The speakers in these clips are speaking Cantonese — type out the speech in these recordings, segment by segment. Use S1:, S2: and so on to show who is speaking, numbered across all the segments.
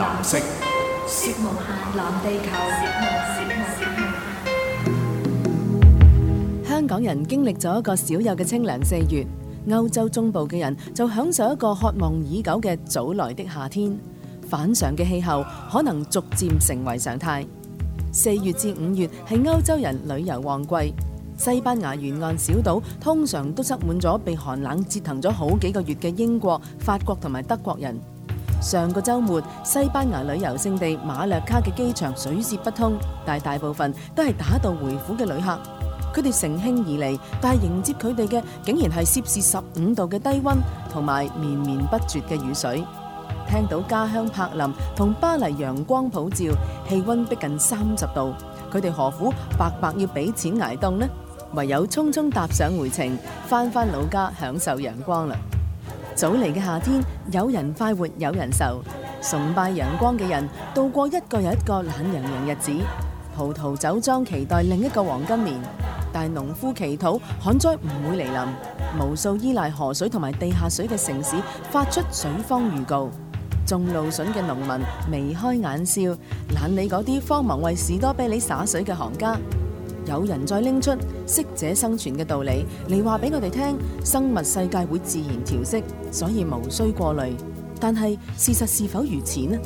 S1: 藍色。雪無限藍地球。香港人經歷咗一個少有嘅清涼四月，歐洲中部嘅人就享受一個渴望已久嘅早來的夏天。反常嘅氣候可能逐漸成為常態。四月至五月係歐洲人旅遊旺季，西班牙沿岸小島通常都塞滿咗被寒冷折騰咗好幾個月嘅英國、法國同埋德國人。上個周末，西班牙旅遊勝地馬略卡嘅機場水洩不通，但大部分都係打道回府嘅旅客。佢哋乘興而嚟，但係迎接佢哋嘅竟然係攝氏十五度嘅低溫同埋綿綿不絕嘅雨水。聽到家鄉柏林同巴黎陽光普照，氣溫逼近三十度，佢哋何苦白白要俾錢挨凍呢？唯有匆匆踏上回程，翻返回老家享受陽光啦。早嚟嘅夏天，有人快活，有人愁。崇拜陽光嘅人度過一個又一個懶洋洋日子。葡萄酒莊期待另一個黃金年，但農夫祈禱旱災唔會嚟臨。無數依賴河水同埋地下水嘅城市發出水荒預告。種蘆筍嘅農民眉開眼笑，懶理嗰啲慌忙為士多啤梨灑水嘅行家。有人再拎出適者生存嘅道理嚟話俾我哋聽，生物世界會自然調適，所以無需過濾。但係事實是否如此呢？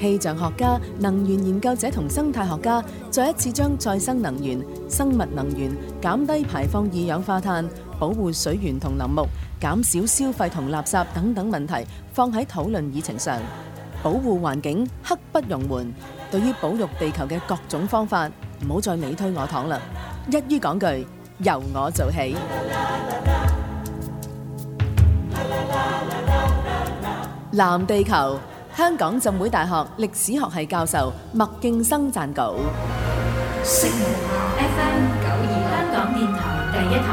S1: 氣象學家、能源研究者同生態學家再一次將再生能源、生物能源、減低排放二氧化碳、保護水源同林木、減少消費同垃圾等等問題放喺討論議程上。保護環境刻不容緩，對於保育地球嘅各種方法。唔好再你推我躺啦！一於講句，由我做起。藍地球，香港浸會大學歷史學系教授麥勁生撰稿。香港電台第一台。